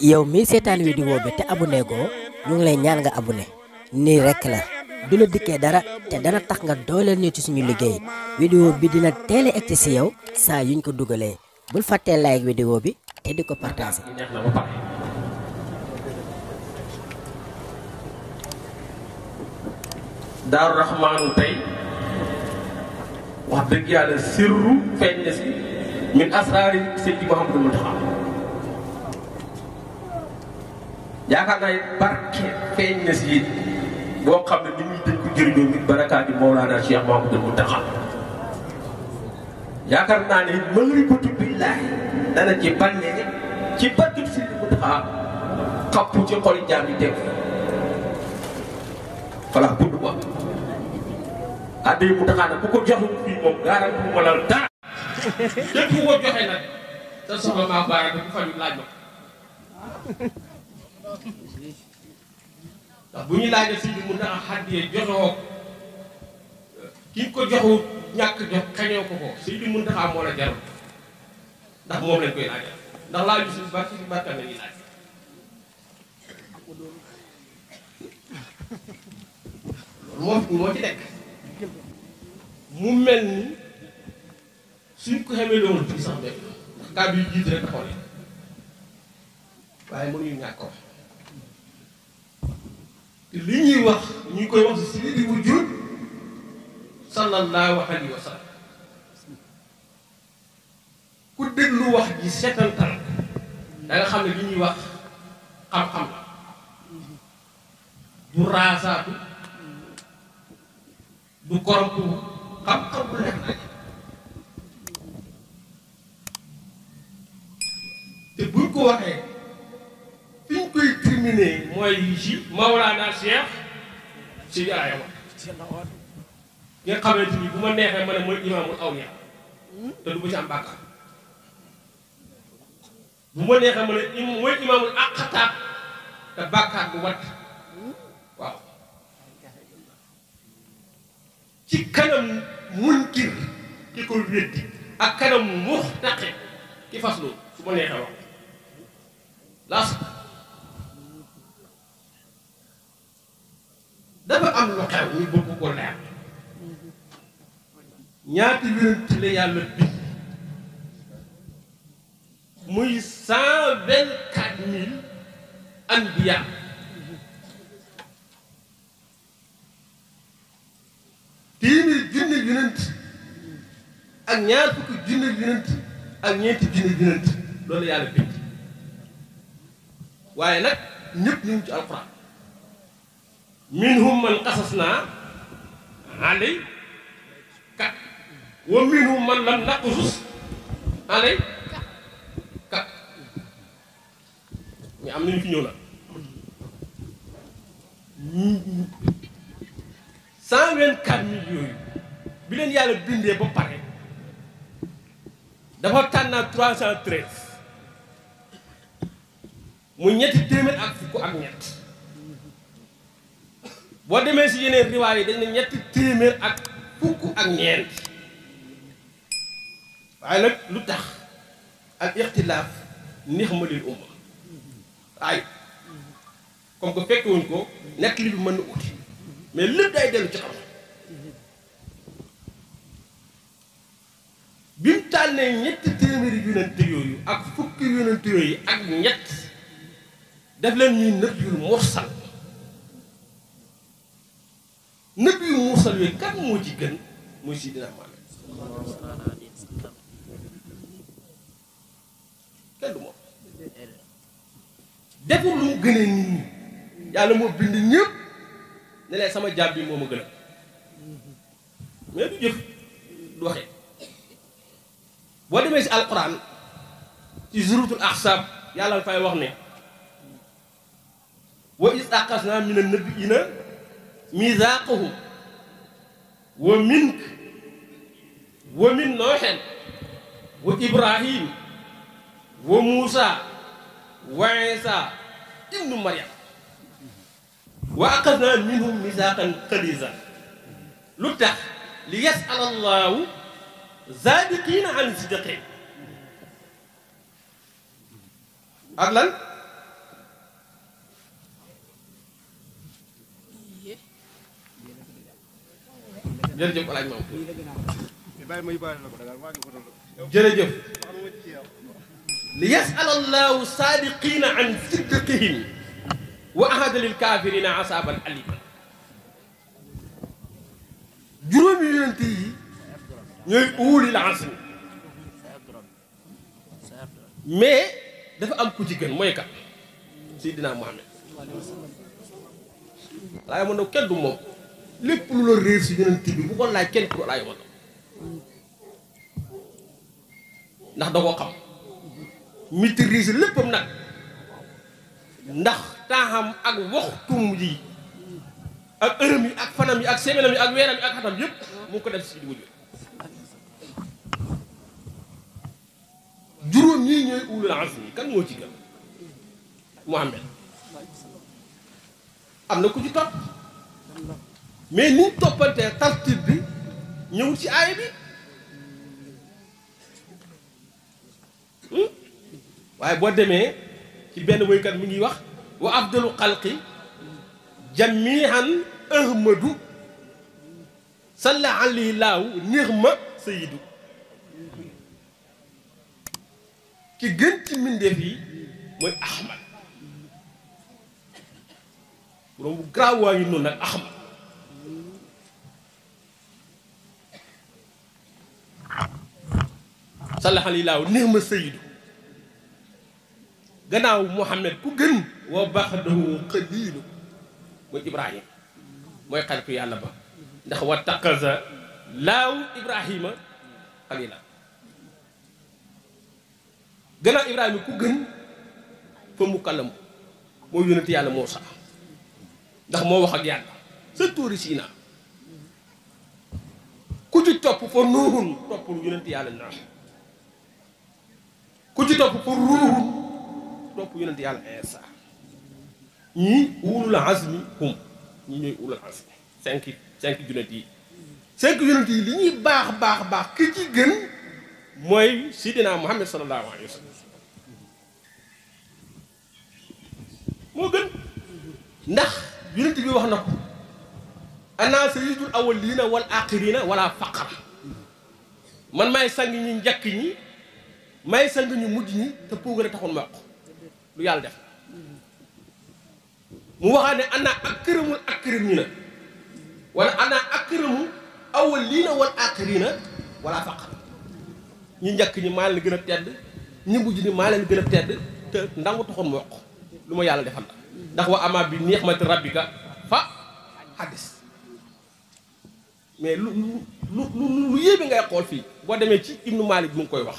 yow mii seetaan vidéo bi te abonné goo ñu ngi lay ñaan nga ne nii rekk la du la dikkee dara te dana tax nga dooleel ñu ci suñu liggéey vidéo bi dina teel a egg si yow saa yuñ ko dugalee bul fàttee like vidéo bi te di ko partagé. min asraari Seydi Mouhamadou Mountakha yaakaar naa barke feeñ na si it boo xam ne ni muy dañ ko jëriñoo ngir barakaati moo Cheikh Mouhamadou Mountakha yaakaar naa ne magribatu billaahi dana ci bànnee ci barke Seydi ci xol jaam yi teg voilà gudd ko. addi Mountakha nag bu ko joxul fii moom garanti mu mënal dara. lépp ku ko joxe nag sa soxla maa baara bu fa ñu laaj ma ndax bu ñu laajee suñu mun na am xàddiyee joxewoo ki ko joxu ñàkk jox xañoo ko ko suñu mun na moo la jarul ndax moom lañ koy laajal ndax laaju suñu bàcc nañu laaj loolu moo moo ci nekk mu mel ni suñ ko xamee loolu fii sax bépp ndax kàddu yu jiit rek taxaw leen waaye mënuñu ñàkk wax te li ñuy wax ñu koy wax si li di wujjul sallallahu alayhi wa sallam ku déglu wax ji seetantal da nga xam ne li ñuy wax xam-xam la du raasaatu du korompu xam-xam ko waxee fi ñu koy terminer mooy ci ma neexee ma ne mooy imaamul awliya te du ma ci bu ma neexee ma ne mooy imaamul aqtaab te bàkkaar bu wat waaw ci kanam munkir ki ko weddi ak kanam muxtaqi ki fas loolu su ma neexee wax las dafa am lu xew ñu bëgg ko leer ñaati yonent la yàlla bind muy cent vingt quatre mille anbiya téeméer junni yonent ak ñaar fukki junni yonent ak ñeenti junni yonent loolu yàlla bind waaye nag ñëpp ñu ngi ci alquran minhum man qasas naa alay kat wa minhum man lam naqsus alay kat mais am nañu fi ñëw na cent vingt yooyu bi leen yàlla bindee ba pare dafa tànn naa trois cent treize mu ñetti téeméer ak fukk ak ñett boo demee si yeneen riwaay yi dañ ne ñetti téeméer ak fukk ak ñeent waaye lu tax ak ixtilaaf neex ma lil umma waaye comme que fekke ko ñett li bi mën na uti mais lépp day dellu ci xam bi mu tànnee ñetti téeméeri yonent yooyu ak fukki yonent yooyu ak ñett def leen ñuy nëb yu mursal nëb yu mursal yooyu kan moo ci gën muy Sidina Muhammad kenn du moom deful lu mu gënee nit ñi yàlla moo bind ñëpp ne sama jaab bi moo ma gën a mais du jëf du waxee boo demee si alquran ci suratul ahzab yàlla fay wax ne وإذ أخذنا من النبيين ميثاقهم ومنك ومن نوح وإبراهيم وموسى وعيسى ابن مريم وأخذنا منهم ميثاقا قليزا لتح ليسأل الله زادقين عن صدقه أغلى jërëjëf El Hadj Mamour an sidqihim wa ahada lil kaafirina asaban alima juróomi yonent yi ñooy uuli la asmi mais dafa am ku ci gën mooy kat Seydina Muhammad waaye mën na kenn du moom lépp lu la réer si yonent bi bu ko laaj kenn ku laaj wala ndax da koo xam maîtriser léppam nag ndax taaxam ak waxtum yi ak ërëm yi ak fanam yi ak semenam yi ak weeram yi ak xatam yëpp mu ko def si wujj juróom ñii ñooy ulul azmi kan moo ci gën Muhammad am na ku ci topp mais niñ toppantee tartib bi ñëwul ci aay bi waaye boo demee ci benn woykat mi ngi wax wa abdalu xalqi jamihan ahmadu salla alayhi laahu nirma sayidu ki gën ci mbindeef yi mooy ahmad borom bu garaaw waa ngi noonu nag ahmad salaxal ilaaw neex ma saydu gannaaw Muhammad ku gën wa baxdahu qadiilu mooy Ibrahima mooy xaritu yàlla ba ndax wa taqaza laaw Ibrahima xalila gannaaw Ibrahima ku gën fa mu kalam moo yónnati yàlla moo sax ndax moo wax ak yàlla sa tuuri Siina ku ci topp fa nuuhun toppul yónnati yàlla naa ku ci topp pour ruuxu topp yonent yàlla Iisaa ñii ulul azmi hum ñii ñooy ulul azmi cinq cinq yonent yi cinq yonent yi li ñuy baax baax baax ki ci gën mooy naa Muhammad sallallahu alayhi wa sallam moo gën ndax yonent bi wax na ko ana sayyidul awwalina wal axirina wala faqra man maay sang ñi njëkk ñi may sang ñu mujj ñi te puugare taxul ma wax lu yàlla def mu waxaat ne ana akramul akramina wala ana akramu awwalina wal axirina wala faqar ñu njëkk ñi maa leen gën a tedd ñu mujj ñi maa leen gën a tedd te ndangu taxul ma wax lu ma yàlla defal ndax wa ama bi ni'mati rabbika fa hadis mais lu lu lu lu yéeme ngay xool fii boo demee ci ibnu bi mu ngi koy wax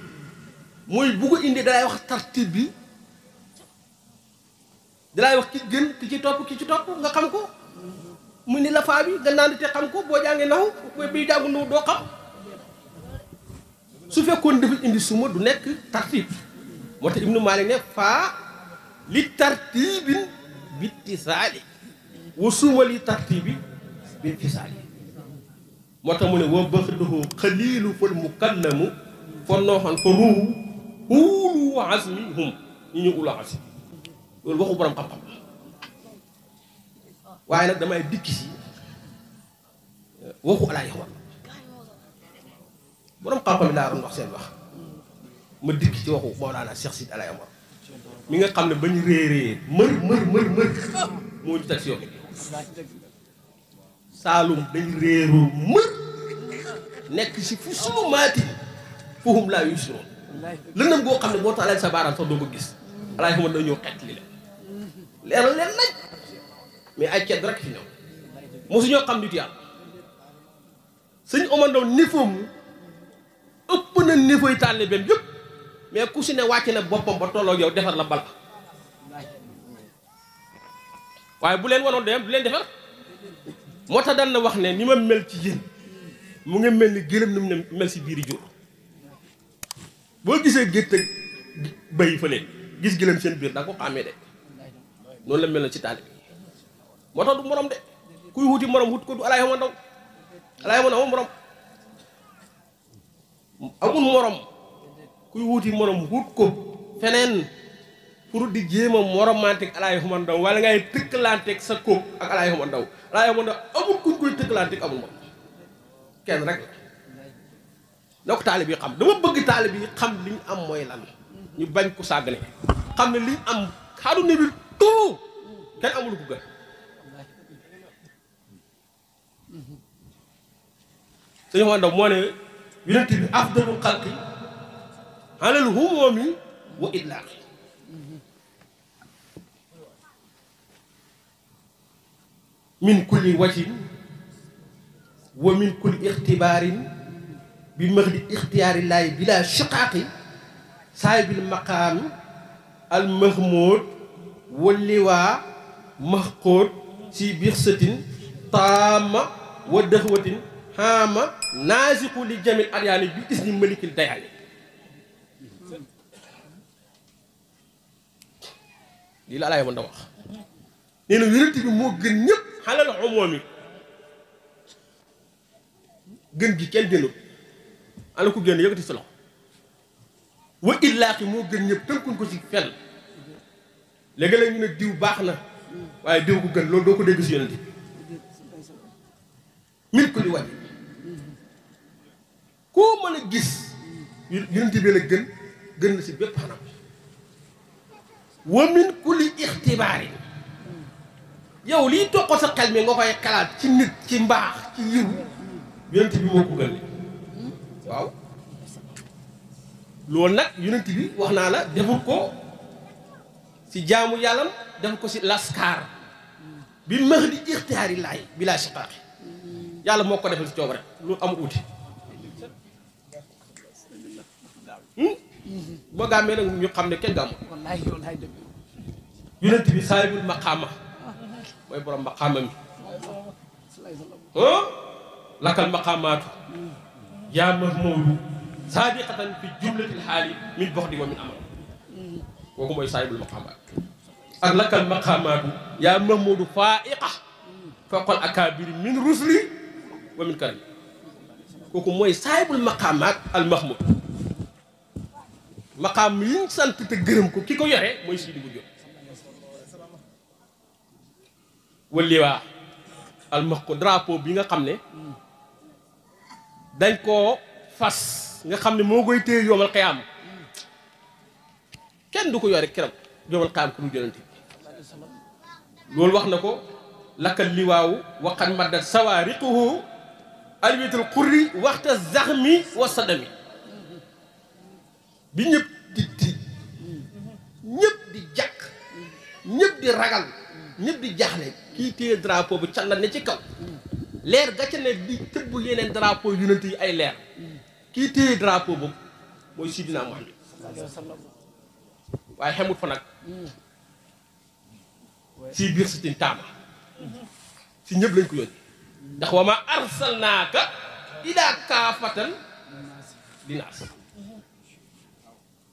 mooy bu ko indi dalay wax tartib bi dalay wax ki gën ki ci topp ki ci topp nga xam ko mu ni la faa bi nga naan te xam ko boo jàngee naw bi jàngu naw doo xam su fekkoon dafa indi suma du nekk tartib moo tax Ibnu Maalik moo tax mu ne wa bëx doxoo xaliilu fël mu kallamu fon noo xam ko كونوا عزمي هم ني اولا عزمي لول واخو برام خام خام واي نك داماي ديكي سي واخو الله يخوان برام خام خام لا رون واخ سين واخ ما ديكي سي واخو مولانا شيخ سيد الله يمر ميغا خام نه باني ري ري مر مر مر مر مو جتا سيو سالوم داني ريرو مر نك سي فوسو ماتي فهم لا يسرون lëndëm boo xam ne boo taalee sa baaraam sax doo ko gis alaay xamat na ñëw xett li la leeral leen nañ mais ay cedd rek fi ñëw mosuñoo xam nit yàlla sëñ Omar Ndaw nifoom ëpp na nifoy taalibeem yëpp mais ku si ne wàcc na boppam ba tolloog yow defar la bala waaye bu leen wanoon dem du leen defar moo tax daan na wax ne ni ma mel ci yéen mu ngi mel ni gëlëm ni mu mel si biiri jur boo gisee gétt ak fa leen gis gëlëm seen biir da ko xàmmee de noonu la mel na ci taalibe moo tax du morom de kuy wuti morom wut ko du alaay ma ndaw alaay ma ndaw morom kuy wuti morom wut ko pour di jéem a moromanteeg alaay ndaw wala ngay tëkkalanteeg sa kóob ak alaay ndaw alaay xuma ndaw kenn rek na ko taalibe yi xam dama bëgg taalibe yi xam li ñu am mooy lan ñu bañ ko sàggale xam ne li ñu am xaadu ne bi tout kenn amul ko gën sëñ Omar Ndao moo ne yonent bi afdalu xalqi alal humoomi wa itlaaqi min kulli wajhin wa min kulli ixtibaarin بمغد اختيار الله بلا شقاق صاحب المقام المغمود واللواء مخقود في بخصة تامة ودخوة هامة نازق لجميع الأديان بإذن ملك الديان دي لا لا يا بندوق إنه nee na yonent bi moo gën ñëpp xalal xomoomi ana ku génn yëkkati sa loxo wa illaaqi moo gën ñëpp tënkuñ ko ci fenn léegi la ne diw baax na waaye diw ko gën loolu doo ko dégg si yonent mit ko di wàññi koo mën a gis si bépp xanam wa min kulli ixtibaari yow liy toqal sa xel mi nga koy xalaat ci nit ci mbaax ci yiw yonent bi moo ko gën waaw loolu nag yonent bi wax naa la deful ko ci jaamu yàllam def ko ci laskaar bil mahdi ixtiyaari laay bilaa siqaaqi yàlla moo ko defal ci coob rek loolu amul uti hmm? boo gàmmee nag ñu xam ne kenn gàmmu yonent bi saahibul maqaama mooy borom maqaama mi lakal maqaamaatu hmm. yaa mahmuudu saadiqatan fi jumlatil xaali min boxdi wa min amal kooku mooy saahibul maqaamaat ak lakkal maqaamaatu yaa mahmuudu faaiqa faqal akaabiri min rusli wa min karami kooku mooy saahibul maqaamaat al mahmuud maqaam yi ñu sant te gërëm ko ki ko yore mooy Sidi Diop wala waa al max ko drapeau nga xam ne dañ koo fas nga xam ne moo koy téye yoomal xiyaam kenn du ko yore keroog yoomal xiyaam ku mu jëlante loolu wax na ko lakkal liwaawu waqan maddat sawaariquhu alwitul qurri waxta zaxmi wa sadami bi ñëpp di tiit ñëpp di jàq ñëpp di ragal ñëpp di jaaxle kii téye drapo bu càllal ne ci kaw leer ga ca ne di yeneen drapeau yonent ay leer kii téye drapeau boobu mooy Sidina Muhammad waaye xamut fa nag si biir taama si ñëpp lañ ko yónni ndax wa ma arsalnaaka ilaa kaafatan dinaas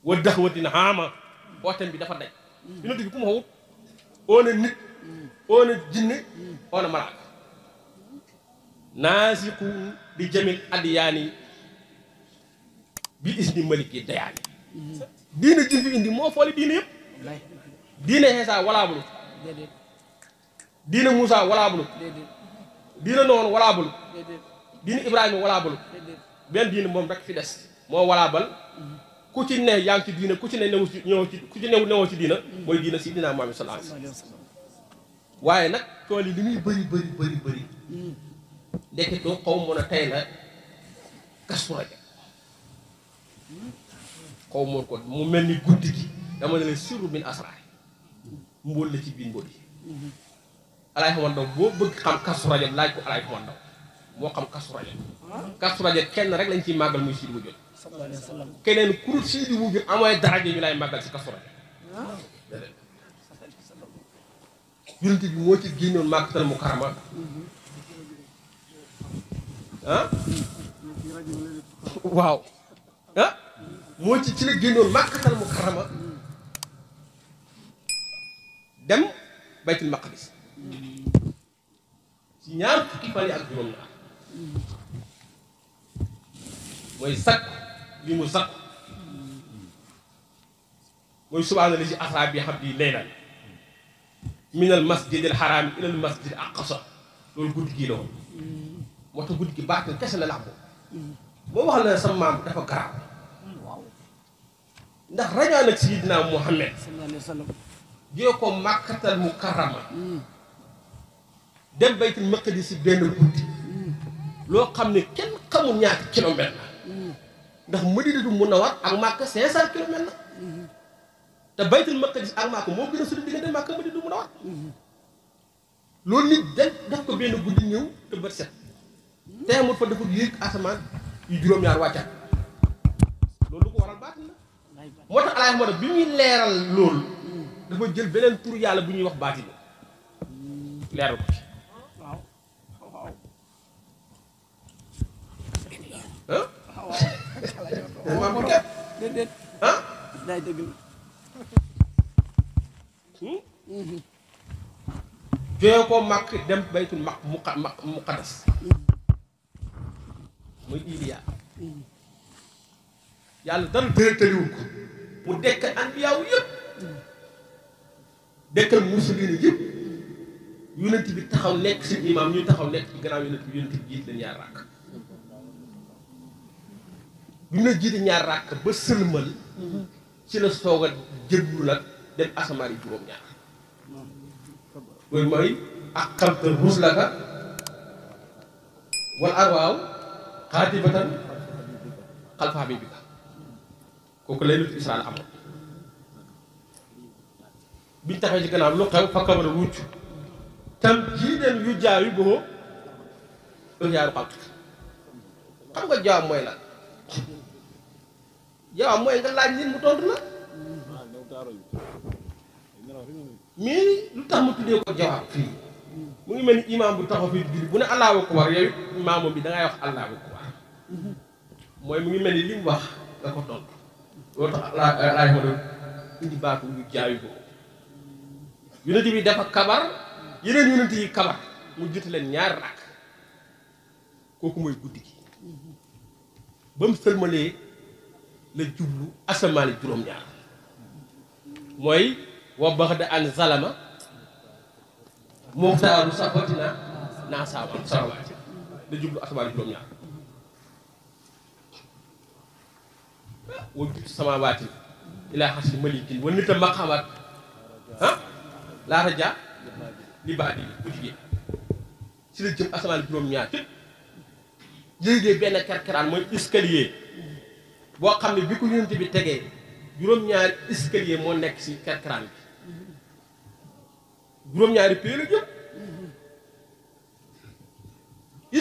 wa daxwatin haama ootem bi dafa daj yonent bi ku ma xawut oona nit oona jinne oona malaaka naasiqun di jamil adyaani bi isni maliki dayaani diine jin fi indi moo foole diine yëpp diine xeesa walaabulu diine Moussa walaabulu diine noonu walaabulu diine Ibrahima walaabulu benn diine moom rek fi des moo walaabal ku ci ne yaa ngi ci diine ku ci ne newu ci ñëw ci ku ci ne newoo ci diina mooy diina si dinaa Muhammad sallallahu alayhi wasallam waaye nag tool yi li muy bëri bëri bëri bëri ndeketoo xaw mun a tey la kasu xaw moon ko mu mel ni guddi gi dama ne la sirru min asraar mbóol la ci biir mbóot yi alaay xaman ndaw boo bëgg xam kasu rajab laaj ko alaay xaman ndaw moo xam kasu kenn rek lañ ciy màggal muy siidi wujjot keneen kurut siidi wujjot amooy daraja ñu lay màggal si kasu rajab ah. bi moo ci génnoon màggatal mu karama ah waaw ah moo ci ci la génnoon màkkatal mu karama dem baytul maqdis ci ñaar fukki fan yi ak juróom mooy sakk li mu sakk mooy subhaana li ci asraa bi xam di leylan min al masjid al haram ila al masjid aqsa loolu guddi gii la woon moo tax ki baax baatin kese la làmb boo wax la sa maam dafa garaaw ndax rañaan ak Sayyidina Muhammad jee ko màkkatal mukarrama mm. dem baytul maqdis si benn guddi mm. loo xam ne kenn xamul ñaata kilomètre la mm. ndax Madinatu Munawwara ak Màkka cinq cent kilomètre la mm-hmm. te baytul maqdis ak Màkka moo gën a sori diggante Màkka Madinatu Munawwara mm-hmm. loolu nit def def ko benn guddi ñëw te set teemut fa dafa yéeg asamaan yu juróom-ñaar wàccaat loolu lu ko waral baat la moo tax alaay moo bi ñuy leeral loolu dafa jël beneen tur yàlla bu ñuy wax baati Hah. leeral ko ci Hah. Hah. Hah. Hah. Hah. Hah. Hah. Hah. ko Hah. dem baytul Hah. Hah. muqaddas mooy Iliya yàlla dara tërëtëriwul ko pour dekkal anbiyaaw yëpp dekkal musulin yëpp yonent bi taxaw nekk si imaam ñu taxaw nekk ci gannaaw yonent bi jiit la ñaar ràkk ñu ne jiite ñaar ràkk ba sëlmal ci la soog a jëglu nag dem asamaan yi juróom-ñaar loolu mooy ak xam te ruus la arwaaw xaatibatan bi habibika kooku lay lut isaan am biñ taxee ci gannaaw lu xew fakkamara wucc tam jii den yu jaawi boo ëjaaru xalq xam nga jawaab mooy lan jawaab mooy nga laaj nit mu tontu la mais lu tax mu tuddee ko jawaab fii mu ngi mel ni imaam bu taxaw fii jur bu ne allahu akbar yow imaamam bi dangay wax allahu mooy mu ngi mel ni li mu wax nga ko tontu loolu tax laa laay ma doon indi baatu ñu jaayu ko yonent bi dafa kabar yeneen yonent yi leen ñaari rakk kooku mooy guddi gi la jublu asamaani juróom-ñaar mooy wa bax da an zalama moom saaru safatina naa saaban sarwaati la jublu asamaani juróom-ñaar wa juutu samaawaati ilaa xas malikin wa nita maqaamaat ah laa raja li baa di bu jigéen si la jëm asamaan juróom-ñaar cëpp yéegee benn kerkeraan mooy escalier boo xam ne bi ko yonent bi tegee juróom-ñaari escalier moo nekk si kerkeraan bi juróom-ñaari pee la jëm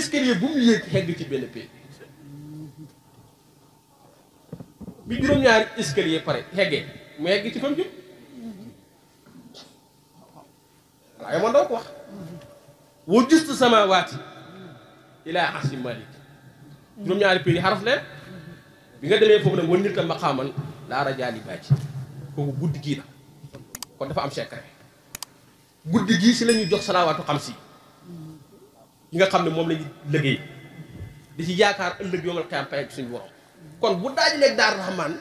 escalier bu mu yéeg xegg ci benn pee bi juróom-ñaari yee pare xeggee mu yegg ci fam jëm waaye man doo ko wax woo justu samawaati ilaa arsi malik juróom-ñaari pays xaraf leen bi nga demee foofu nag wan nit la maqaaman laa rajaali kooku guddi gii la kon dafa am secret guddi gii si la ñuy jox salawaatu xam si yi nga xam ne moom la ñuy liggéey di ci yaakaar ëllëg yoomal xiyam pay suñu borom kon bu daajalee daar rahman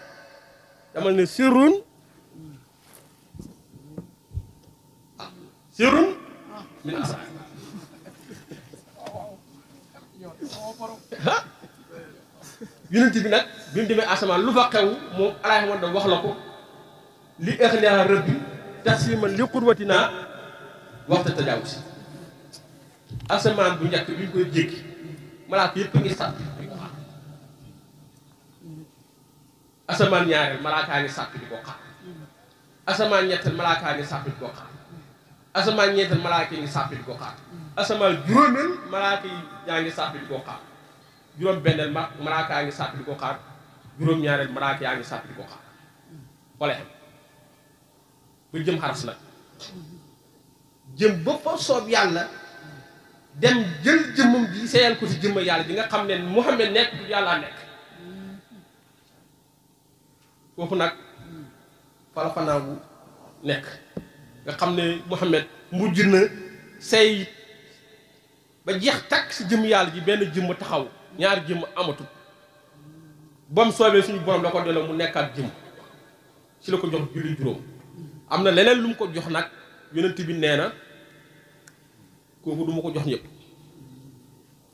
dama ne sirrun ah sirrun min asa nag bi mu demee asamaan lu fa xew moom alaahi wa wax la ko li ixlaa rëbbi tasliman li qurwatina waxta tajaawus asamaan bu njëkk bi ñu koy jéggi malaaka yëpp a ngi sàtt asamaan ñaareel malaaka ngi sàpp di ko xar ngi sàpp di ko xar asamaan ñeenteel malaaka ngi sàpp di ko xar asamaan juróomeel malaaka yaa ngi sàpp di ko xar juróom ngi sàpp ko xaar juróom ñaareel malaaka yaa ngi sàpp di ko xaar wala xam ba jëm xaras nag jëm ba fa soob yàlla dem jël jëmmam bi seeyal ko ci jëmma yàlla di nga xam ne Muhammad nekk yàlla nekk foofu nag fala fanaagu nekk nga xam ne mu mujj na say ba jeex takk ci jëm yàlla ji benn jëmm taxaw ñaari jëm amatul bam soobee suñu borom la ko delloo mu nekkaat jëmm ci la ko jox julli juróom am na leneen lu mu ko jox nag yonent bi nee na kooku duma ko jox ñëpp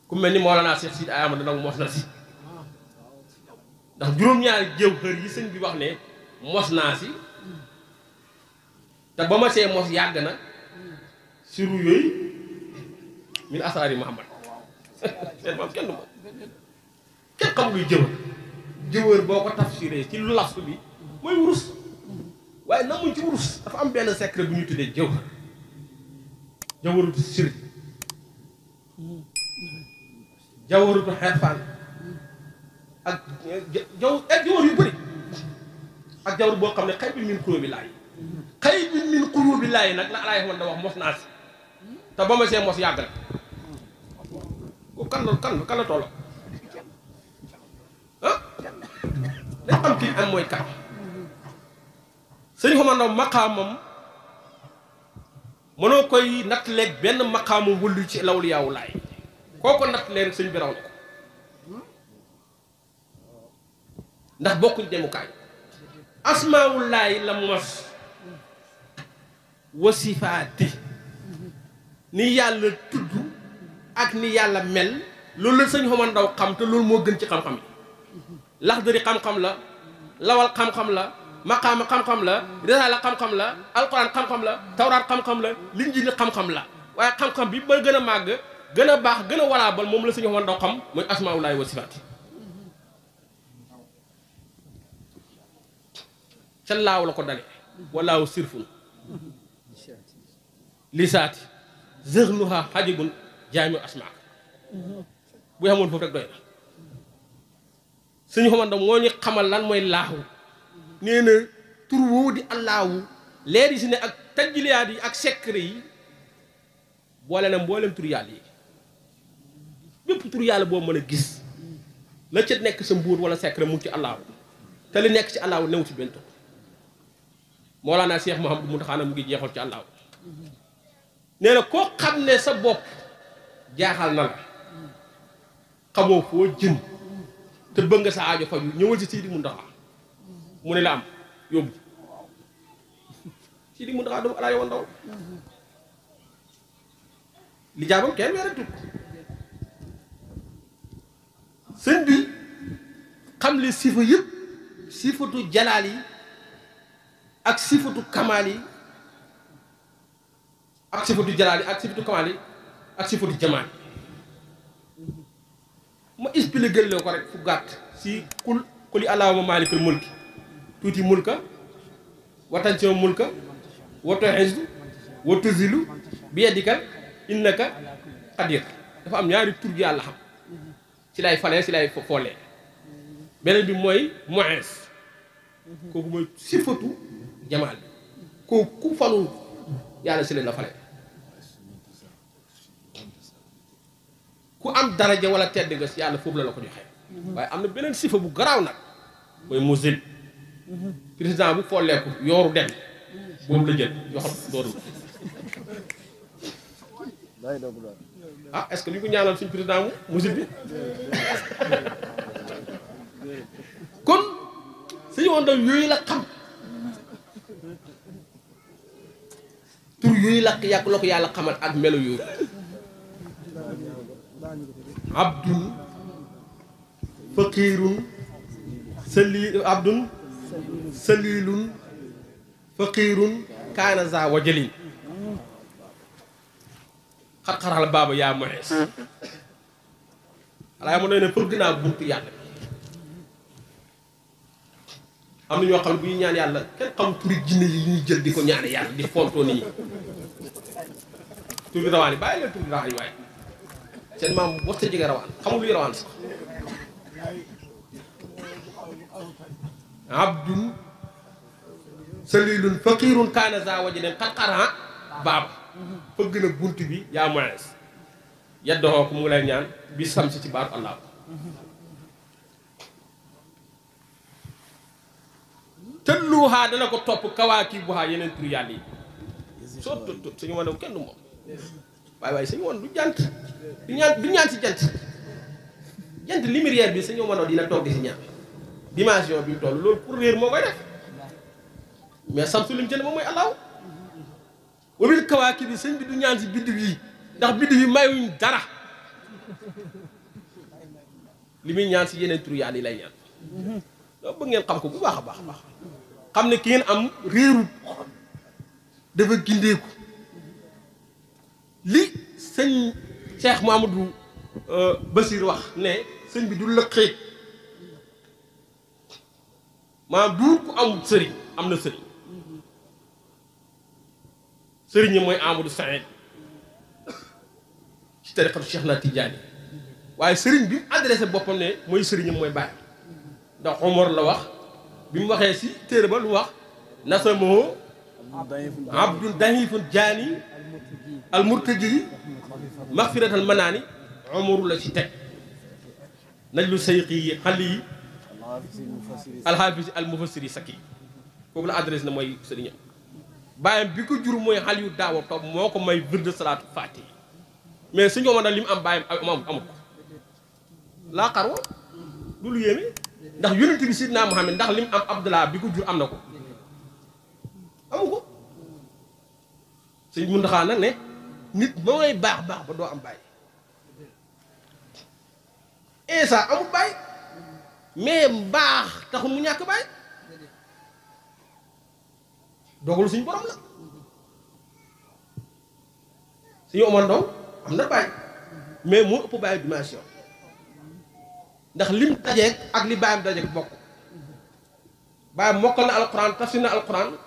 ku mel ni Mawlana Cheikh Sidi Ahmad dana mos na si ndax juróom-ñaari jëw xër yi sëñ bi wax ne mos naa si te ba ma see mos yàgg na siru yooyu min asaari Muhammad seen moom kenn du ma jëwër jëwër boo ko tafsiree ci lu lastu bi mooy wurus waaye namuñ ci wurus dafa am benn secret bu ñu tuddee jëwër jëwërutu siri jëwërutu xeefaan ak jaw eh, ak jawar boo xam ne xay bi min kuróobi laay xay bi min kuróobi laay nag la alaay man da mos naa si te ba ma see mos yàgg la ah? koy natt leeg benn maqaamu wëllu ci lawlu yaawu laay koo ko natt leen sëñ bi ko ndax bokkuñ demukaay asmaawullaahi la mos wasifaati ni yàlla tudd ak ni yàlla mel loolu la sëñ xaman ndaw xam te loolu moo gën ci xam-xam yi laxdari xam-xam la lawal xam-xam la maqaama xam-xam la risaala xam-xam la alquran xam-xam la tawraat xam-xam la linjiil xam-xam la waaye xam-xam bi ba gën a màgg gën a baax gën a walaabal moom la sëñ xaman ndaw xam mooy asmaawullaahi wasifaati ca laaw la ko dale walaaw sirfun lisaati zëxnuha xajibun jaami asmaak bu xamoon foofu rek doy na suñu xamante moo ñu xamal lan mooy laaxu nee na tur woowu di allaawu leer yi si ne ak tajliyaat yi ak secret yi boole na mboolem tur yàlla yi bépp tur yàlla boo mën a gis la ca nekk sa mbuur wala secret mu ci allaawu te li nekk ci allaawu new ci benn tur Mawlana Cheikh Mouhamadou Mountakha mu ngi jeexal ci àllaaw nee na koo xam ne sa bopp jaaxal na la xamoo foo jën te bëgg nga sa aajo faju ñëwal si Sidi Mountakha mu ne la am yóbbu Sidi Mountakha doomu alaa yowoon ndaw li jaabam kenn weeratu sëñ bi xam li sifa yëpp sifatu jalaal yi ak sifatu kamaal yi ak sifatu jalaal yi ak sifatu kamaal yi ak sifatu jamaal ma expliqué la ko rek fu gàtt si kul kuli allahumma maalikul mulki tuuti mulka watansiyo mulka wato xisdu wato zilu bi yadikal innaka qadir dafa am ñaari tur yàlla xam ci lay falee si lay foolee beneen bi mooy moens kooku mooy sifatu jamaal bi ko ku falul yàlla si leen la fale ku am daraja wala tedd nga yàlla foofu la la ko joxee waaye am na beneen sifa bu garaaw nag mooy musil président bu folleeku yooru dem boobu la jël yoo xam ah est-ce que li ñu ko ñaanal suñu président mu musil bi kon suñu woon yooyu la xam tur yuy lakk yàq la ko yàlla xamal ak melo yooyu abdun faqiirun sali abdun kaana za wajalin xaral baaba yaa moxees alaa ma doy ne fëgg naa buntu yàlla am na ñoo xam ne bu ñu ñaan yàlla kenn xam turi jinne yi ñuy jël di ko ñaan yàlla di fonto nii turi rawaan yi bàyyi leen turi rawaan yi waaye seen maam boo sa jege rawaan xamul luy rawaan sax abdun salilun faqirun kaana za wajden xarxara baaba fëgg na bunt bi yaa moens yaddoxoo ko mu ngi lay ñaan bi sam ci baatu allah tëlluuhaa dana ko topp kawaakii buhaa yeneen tur yàlla yi soo tut tut suñu wane kenn du moom waaye waaye suñu wan du jant du ñaan du ñaan si jant jant lumière bi suñu wanoo dina toog di si ñaan dimension bi toll loolu pour réer moo koy def mais samsu lim jënd moom mooy allahu wamit kawaakib bi sëñ bi du ñaan si biddiw yi ndax biddiw yi mayuñ dara li muy ñaan si yeneen tur yàlla yi lay ñaan doo bëgg ngeen xam ko bu baax a baax a baax xam ne ki ngeen am réeru dafa ko li sëñ Cheikh Mouhamadou euh, Basir wax ne sëñ bi du lëqee maanaam du ku am sëriñ am na sëriñ sëriñ mooy Amadou Saïd ci tariqatu Cheikh na Tidiane waaye sëriñ bi adressé boppam ne mooy sëriñam mooy bàyyi ndax Omar la wax bi mu waxee si téere ba lu wax nasamoo abdun dahifun jaani al murtaji maxfiratal manaani umru la ci teg najlu sayqi xali alxaafis al mufassiri sakki kooku la adresse na mooy sëriñam bàyyam bi ko jur mooy xal yu daawa toog moo ko may wirde salaatu faati mais suñu ko mën a li mu am bàyyam amut ko laa xar wa du lu yéeme ndax yonent bi sidna Muhammad ndax lim am Abdullah bi ko jur am na ko amu ko sëñ Muntaxa nag ne nit ba ngay baax baax ba doo am bàyyi Isa amul bàyyi mais mbaax taxul mu ñàkk bàyyi dogalu suñu borom la suñu Omar Ndong am na bàyyi mais moo ëpp bàyyi dimension ndax lim dajeeg ak li bàyyam dajeeg bokk bàyyam mokkal na alquran tafsir na alquran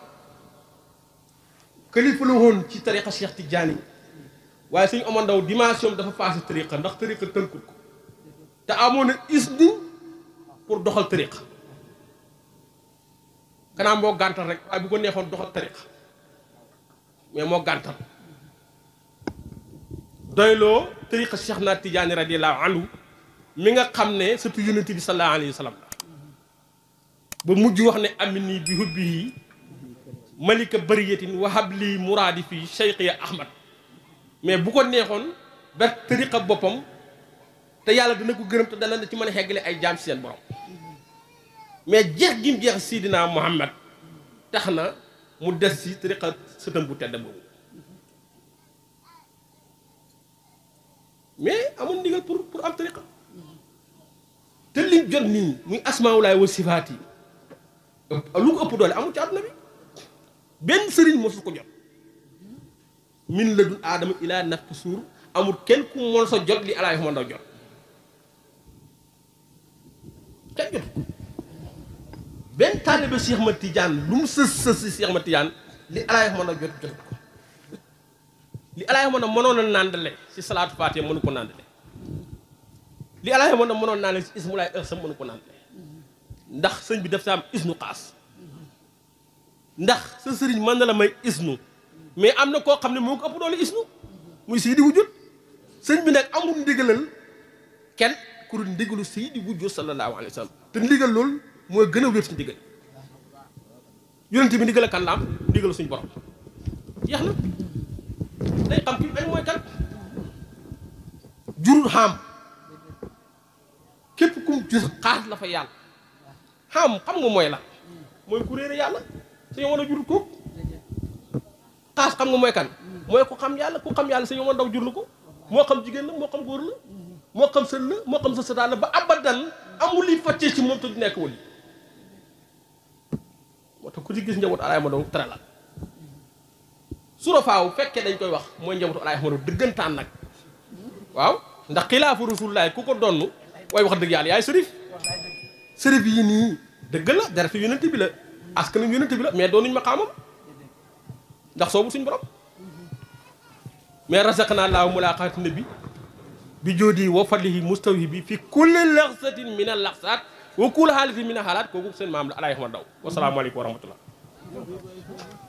kilifa woon ci tariqa Cheikh Tidiane waaye suñu Omar Ndao dimension dafa passé tariqa ndax tariqa tënkul ko te amoon na isni pour doxal tariqa kanaa moo gàntal rek waaye bu ko neexoon doxal tariqa mais moo gàntal doyloo tariqa Cheikh na Tidiane radiallahu anhu mi nga xam ne surtout yonent bi sallallahu alayhi wa sallam ba mujj wax ne amini bi hubbihi malika bariyatin wahab li muraadi fi cheikh ya ahmad mais bu ko neexoon ba tariqa boppam te yàlla dina ko gërëm te dana ci mën a xeggale ay jaam seen borom mais jeex gim jeex sidina muhammad tax na mu des ci tariqa sëtam bu tedd boobu mais amul ndigal pour pour am tariqa liñ jot nii muy asmaawulaay wa sifaat yi lu ko ëpp doole amul ci àdduna bi benn sëriñ mosu ko jot min la dul aadama ilaa nafti suur amul kenn ku mën sa jot li alaay xuma ndaw jot jot benn taalibe Cheikh Ma Tidiane lu mu sës sës si Ma Tidiane li alaay xuma ndaw jot nàndale si salaatu faatee mënu ko nàndale li alaay mën a mënoon naa ne si ismu laay heure sa mënu ko naan ndax sëñ bi def sa am isnu xaas ndax sa sëriñ mën na la may isnu mais am na koo xam ne moo ko ëpp doole isnu muy sii di wujjut sëñ bi nag amul ndigalal kenn ku dul ndigalu sii di wujjut sallallahu alayhi wa te ndigal loolu mooy gën a wér ci ndigal yonent bi ndigal a kan ndigalu suñu borom jeex na day xam kii dañ mooy kan jurul xaam jël xaas la fa yàlla xam xam nga mooy la mooy ku réere yàlla sa yomoon a ko xaas xam nga mooy kan mooy ku xam yàlla ku xam yàlla sa yomoon daw jurlu ko moo xam jigéen la moo xam góor la moo xam sën la moo xam sa sadaal la ba abadan amul li fàccee ci moom te du nekk wali moo tax ku ci gis njabootu alaay ma doon tere la sura faaw fekkee dañ koy wax mooy njabootu alaay ma doon dëggantaan nag waaw ndax xilaafu rasulullaay ku ko donn waaye wax dëgg yàlla yaay sërif sërif yi nii dëgg la deretu yonent bi la askanu yonent bi la mais doonuñu ma xaamam ndax soobu suñ borom mais razaqnaa laahu mulaqaati nabi bi joodi wa fadlihi mustawi bi fi kulli laxsatin min al laxsaat wa kulli xaalatin min al xaalaat kooku seen maam la alaay xama daw wasalaamualeykum wa rahmatullah